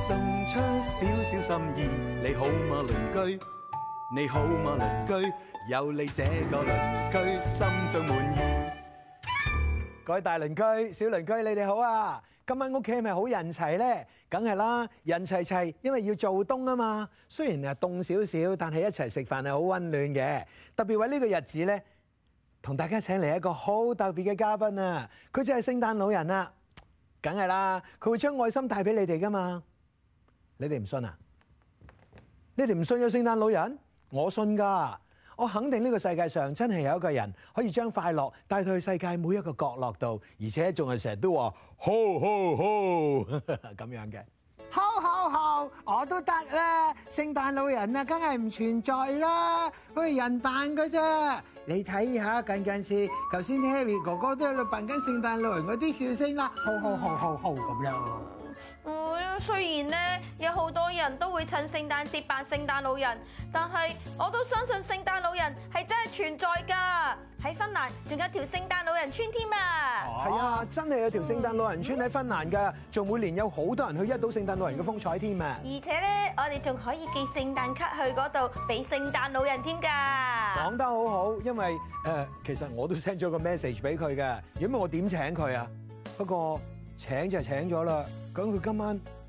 送出少少心意，你好嗎鄰居？你好嗎鄰居？有你這個鄰居，心最滿意。各位大鄰居、小鄰居，你哋好啊！今晚屋企係咪好人齊呢？梗係啦，人齊齊，因為要做冬啊嘛。雖然啊凍少少，但係一齊食飯係好溫暖嘅。特別為呢個日子呢，同大家請嚟一個好特別嘅嘉賓啊！佢就係聖誕老人啦，梗係啦，佢會將愛心帶俾你哋噶嘛。你哋唔信啊？你哋唔信有聖誕老人？我信噶，我肯定呢個世界上真係有一個人可以將快樂帶到去世界每一個角落度，而且仲係成日都話「好好好」咁樣嘅。「好好好」，我都得啦，聖誕老人啊，梗係唔存在啦，佢係人扮嘅啫。你睇下近近時，頭先 Harry 哥哥都喺度扮緊聖誕老人，嗰啲笑聲啦「好好好好好」咁樣。雖然咧有好多人都會趁聖誕節扮聖誕老人，但係我都相信聖誕老人係真係存在噶。喺芬蘭仲有條聖誕老人村添啊！係啊，啊，真係有條聖誕老人村喺芬蘭噶，仲每年有好多人去一睹聖誕老人嘅風采添啊！而且咧，我哋仲可以寄聖誕卡去嗰度俾聖誕老人添、啊、噶。講得好好，因為誒、呃，其實我都 send 咗個 message 俾佢嘅，如果唔係我點請佢啊？不過請就請咗啦，咁佢今晚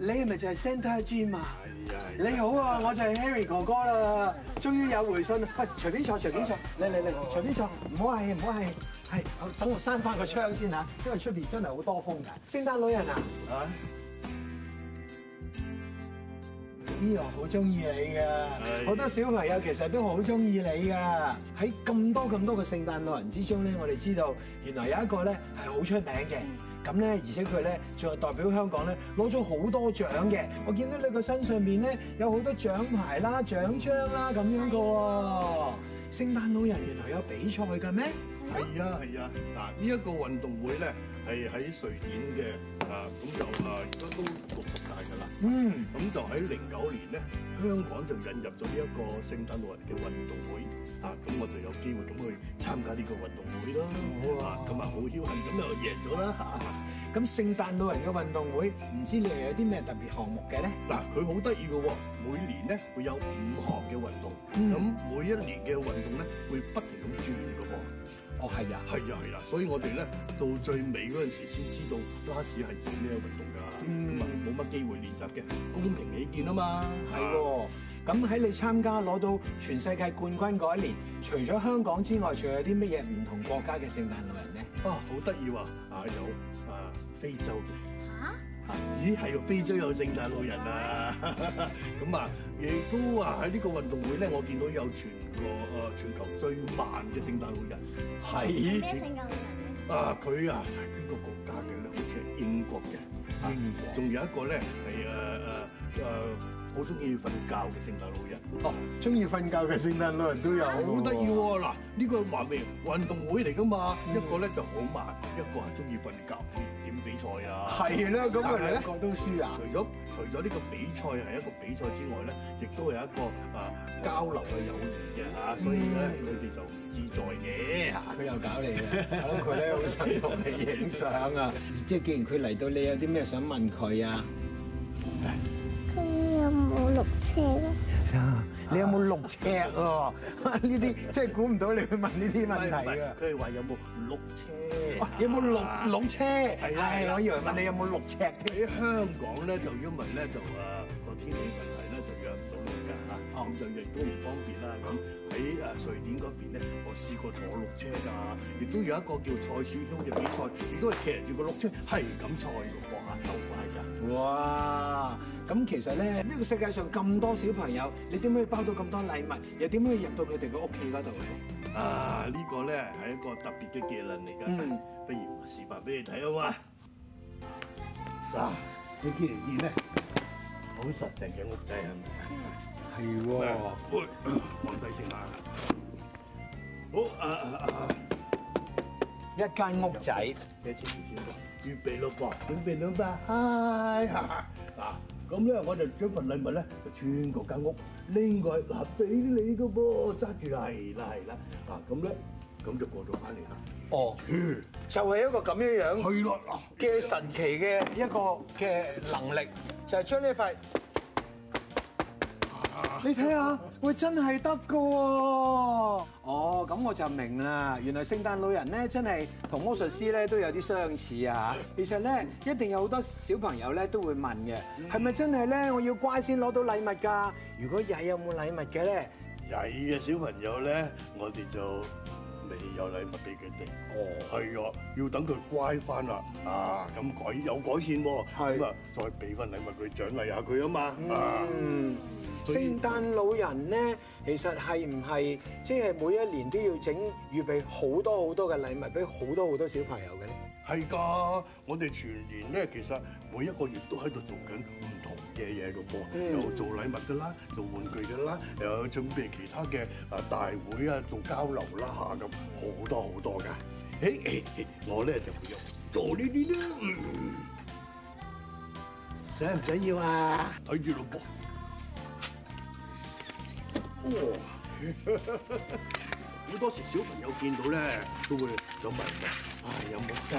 你係咪就係 Santa Jim 啊？哎哎、你好啊，我就係 Harry 哥哥啦。終於有回信，喂，隨便坐，隨便坐，嚟嚟嚟，隨便坐，唔好係，唔好係，係、哎，等我閂翻個窗先嚇，因為出邊真係好多風㗎。聖誕老人啊，啊、哎，我好中意你㗎，好、哎、多小朋友其實都好中意你㗎。喺咁多咁多個聖誕老人之中咧，我哋知道原來有一個咧係好出名嘅。咁咧，而且佢咧仲係代表香港咧，攞咗好多獎嘅。我見到你個身上面咧有好多獎牌啦、獎章啦咁樣個。聖誕老人原來有比賽㗎咩？係啊係啊，嗱，呢一個運動會咧係喺瑞典嘅。啊，咁就啊，而家都六十大噶啦。嗯，咁、嗯、就喺零九年咧，香港就引入咗呢一個聖誕老人嘅運動會。啊，咁我就有機會咁去參加呢個運動會咯。哇、哦！今日、啊啊、好僥倖、啊，咁就贏咗啦。咁聖誕老人嘅運動會，會，唔知你有啲咩特別項目嘅咧？嗱，佢好得意嘅喎，每年咧會有五項嘅運動、啊。嗯，咁每一年嘅運動咧會不同。啊啊啊啊啊啊啊啊哦，係啊，係啊，係啊，所以我哋咧到最尾嗰陣時先知道拉屎係做咩運動㗎、啊，咁啊冇乜機會練習嘅，公平起見、嗯、啊嘛，係喎、啊。咁喺你參加攞到全世界冠軍嗰一年，除咗香港之外，仲有啲乜嘢唔同國家嘅聖誕老人咧、哦啊？啊，好得意喎，啊有啊非洲嘅。咦，係啊！非洲有聖誕老人啊，咁 啊，亦都啊，喺、這、呢個運動會咧，我見到有全個誒、啊、全球最慢嘅聖誕老人。係咩聖誕老人咧國、啊啊？啊，佢啊係邊個國家嘅咧？好似係英國嘅。英國。仲有一個咧係誒誒誒。好中意瞓覺嘅聖誕老人哦，中意瞓覺嘅聖誕老人都有，好得意喎！嗱，呢個話明運動會嚟㗎嘛？一個咧就好慢，一個係中意瞓覺，點比賽啊？係啦，咁佢哋咧，個都輸啊！除咗除咗呢個比賽係一個比賽之外咧，亦都有一個誒交流嘅友誼嘅嚇，所以咧佢哋就自在嘅嚇。佢又搞你嘅，咁佢咧好想同你影相啊！即係既然佢嚟到，你有啲咩想問佢啊？有冇六尺啊！ 些 你有冇六尺啊？呢啲即係估唔到你去問呢啲問題啊！佢係話有冇六,六尺？有冇六六尺？係啊！我以為問、嗯、你有冇六尺添、啊。喺香港咧，就因為咧就啊個天氣。咁就亦都唔方便啦、啊。咁喺誒瑞典嗰邊咧，我試過坐六車噶，亦都有一個叫蔡小車嘅比賽。亦都係騎住個六車，係咁賽喎，下哇，夠快噶！哇，咁其實咧，呢、這個世界上咁多小朋友，你點可以包到咁多禮物，又點可以入到佢哋嘅屋企嗰度咧？啊，這個、呢個咧係一個特別嘅技能嚟噶。嗯、不如我示範俾你睇啊嘛。嗱，你見唔見咧？好實淨嘅屋仔係咪啊？係喎，皇帝殿下，好啊啊！一間屋仔，幾錢幾錢？預備六百，準備兩百，嗨！嗱，咁咧我就將份禮物咧就穿過間屋拎過去，嗱，俾你嘅噃，揸住啦，係啦，係啦，嗱，咁咧，咁就過咗翻嚟啦。哦，就係一個咁樣樣，係啦，嘅神奇嘅一個嘅能力，就係將呢塊。你睇下，喂，真係得嘅喎！哦，咁我就明啦，原來聖誕老人咧真係同魔術師咧都有啲相似啊！其實咧，一定有好多小朋友咧都會問嘅，係咪真係咧？我要乖先攞到禮物㗎？如果曳有冇禮物嘅咧？曳嘅小朋友咧，我哋就～未有禮物俾佢哋，哦，係啊，要等佢乖翻啦，啊，咁改有改善喎，咁啊，的再俾份禮物佢獎勵下佢啊嘛，嗯、啊，嗯、以聖誕老人咧，其實係唔係即係每一年都要整預備好多好多嘅禮物俾好多好多小朋友嘅咧？係噶，我哋全年咧其實每一個月都喺度做緊唔同嘅嘢嘅噃，嗯、有做禮物嘅啦，做玩具嘅啦，有準備其他嘅誒大會啊做交流啦嚇咁，好、啊、多好多嘅。我咧就會做呢啲啦。使、嗯、要喎、啊，開住咯噃。好、哦、 多時小朋友見到咧，都會想埋嚟。有冇噶？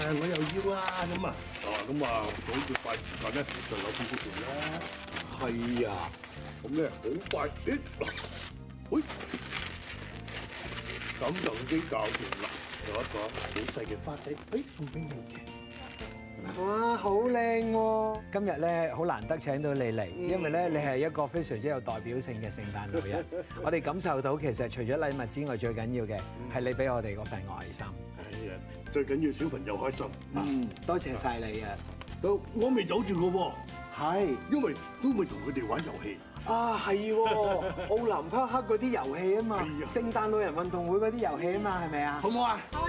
誒，我又要啊！咁啊，咁啊，我要快啲揼咧，就攞呢條啦。係啊，咁咧好快啲。喂，咁就已經搞掂啦。有一個好細嘅花仔，誒，送畀你嘅。哇，好靚喎！今日咧好難得請到你嚟，因為咧你係一個非常之有代表性嘅聖誕老人。我哋感受到其實除咗禮物之外，最緊要嘅係你俾我哋嗰份愛心。哎呀，最緊要小朋友開心。嗯，多謝晒你啊！都我未走住嘅喎。係，因為都未同佢哋玩遊戲。啊，係喎，奧林匹克嗰啲遊戲啊嘛，聖誕老人運動會嗰啲遊戲啊嘛，係咪啊？好唔好啊？好啊！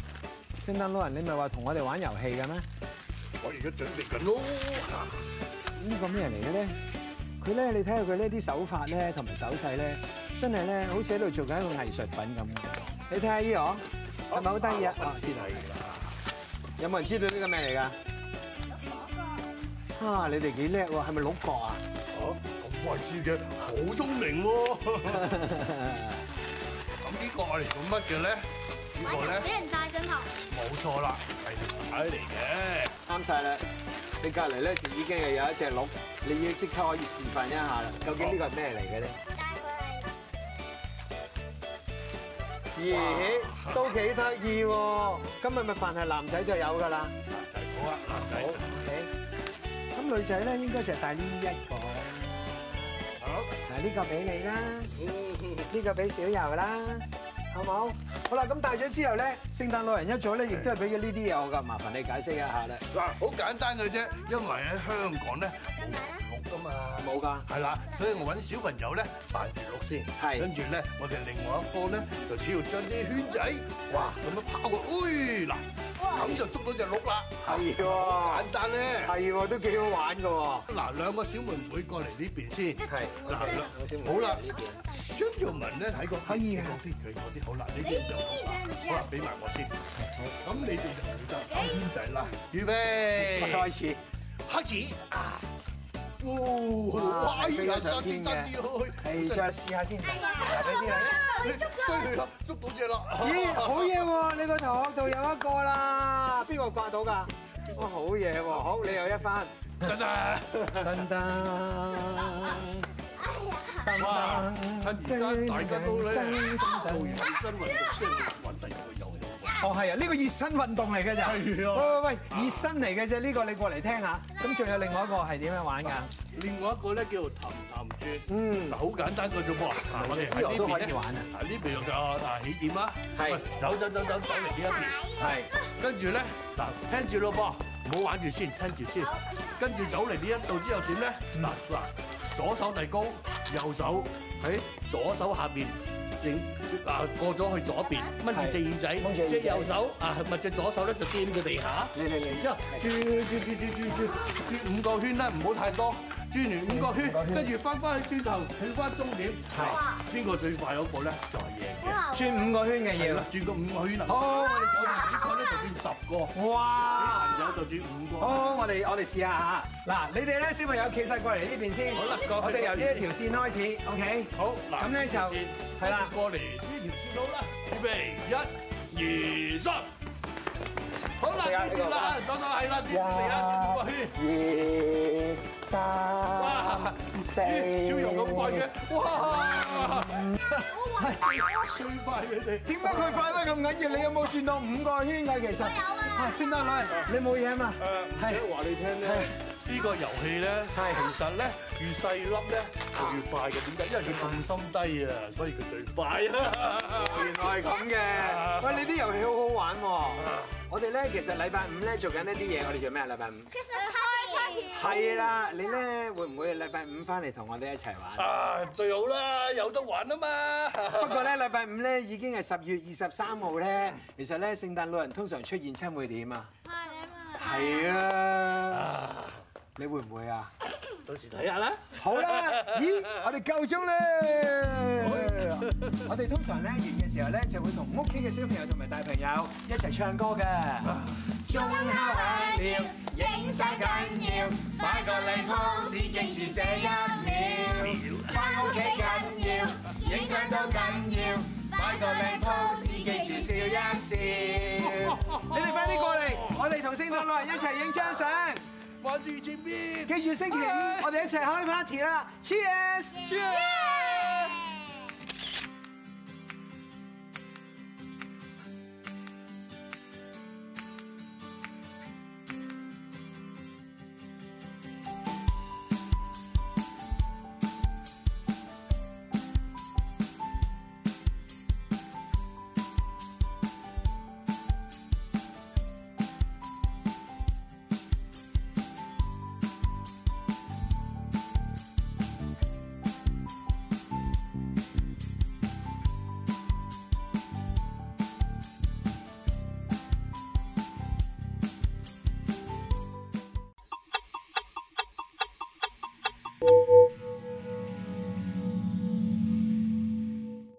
聖誕老人，你咪話同我哋玩遊戲嘅咩？我而家準備緊咯。呢個咩人嚟嘅咧？佢咧，你睇下佢呢啲手法咧，同埋手勢咧，真係咧好似喺度做緊一個藝術品咁。你睇下呢個，係咪好得意啊？哦，真係。有冇人知道呢個咩嚟㗎？六角個。哈！你哋幾叻喎？係咪六角啊？嚇！咁鬼智嘅，好聰明喎。咁呢個係嚟做乜嘅咧？呢個咧俾人戴上頭，冇錯啦，係男仔嚟嘅，啱晒啦。你隔離咧就已經係有一隻鹿，你要即刻可以示範一下啦。究竟呢個係咩嚟嘅咧？戴過係鹿，咦，都幾得意喎。今日咪凡係男仔就有噶啦。男仔好啊，男仔。好。咁女仔咧應該就戴呢一個。好。嗱，呢個俾你啦。嗯哼，呢個俾小柔啦。係冇，好啦，咁大咗之後咧，聖誕老人一組咧，亦都係俾咗呢啲嘢我噶，麻煩你解釋一下啦。嗱，好簡單嘅啫，因為喺香港咧冇圓碌噶嘛，冇噶的，係啦，所以我揾小朋友咧擺住碌先，跟住咧我哋另外一方咧就主要將啲圈仔，哇，咁樣跑過去啦。哎咁就捉到隻鹿啦，係喎，簡單咧，係喎，都幾好玩㗎喎。嗱，兩個小妹妹過嚟呢邊先，係，嗱，兩個小妹妹，好啦，張耀文咧睇個，可以，嗰啲佢嗰啲好啦，你呢就，好啦，俾埋我先，咁你哋就唔記得，煙仔啦，準備，開始，開始，啊，哇，真嘅，真嘅，係，再試下先，嚟啦，嚟啦。追佢啦，捉到嘢啦！咦，好嘢喎！你個頭殼度有一個啦，邊個掛到噶？哇，好嘢喎！好，你又一翻，等等，等等，等等，趁而家，大家都嚟，都認真玩。哦，係啊，呢個熱身運動嚟嘅咋？喂喂喂，熱身嚟嘅啫，呢個你過嚟聽下。咁仲有另外一個係點樣玩㗎？另外一個咧叫氹氹轉，嗯，好簡單嘅啫噃。呢邊都可以玩啊！喺呢邊就啊，嗱，起點啦，係，走走走走走嚟呢一邊，係，跟住咧嗱，聽住咯噃，唔好玩住先，聽住先，跟住走嚟呢一度之後點咧？嗱嗱，左手遞高，右手喺左手下邊。啊，過咗去左邊，掹住隻耳仔，隻右手啊，唔係隻左手咧，就掂住地下，嚟嚟，然之後轉轉轉轉轉轉，轉的五個圈啦，唔好太多。轉完五個圈，跟住翻翻去轉頭，轉翻終點。係，邊個最快嗰個咧就係贏。轉五個圈嘅贏啦，轉個五個圈。哦，我哋小朋友咧就轉十個。哇！小朋友就轉五個。哦，我哋我哋試下嚇。嗱，你哋咧小朋友企曬過嚟呢邊先。好啦，我哋由呢一條線開始。OK。好，咁咧就係啦。過嚟呢條線好啦，準備一、二、三。好啦，呢條啦，左左係啦，轉轉嚟，轉五個圈。二。三、四、超柔咁快嘅，哇！係最快嘅你，點解佢快得咁緊要？你有冇轉到五個圈㗎？其實都有，聖誕老人，你冇嘢啊嘛。係。係。話你聽咧，呢個遊戲咧係其實咧越細粒咧就越快嘅，點解？因為佢重心低啊，所以佢最快啊。原來係咁嘅。喂，你啲遊戲好好玩喎。我哋咧其實禮拜五咧做緊呢啲嘢，我哋做咩啊？禮拜五。其實係啦，你咧會唔會禮拜五翻嚟同我哋一齊玩啊？最好啦，有得玩啊嘛。 不過咧，禮拜五咧已經係十月二十三號咧， 其實咧聖誕老人通常出現親會點啊？係啊 了。係啊。你會唔會啊？到時睇下啦。好啦，咦，我哋夠鍾咧。我哋通常咧完嘅時候咧，就會同屋企嘅小朋友同埋大朋友一齊唱歌嘅。中考緊要，影相緊要，擺個靚 pose 記住這一秒。翻屋企緊要，影相都緊要，擺個靚 pose 記住笑一笑。你哋快啲過嚟，我哋同聖誕老人一齊影張相。玩具金幣，記住星期五，唉 我哋一齊開 party 啦！Cheers！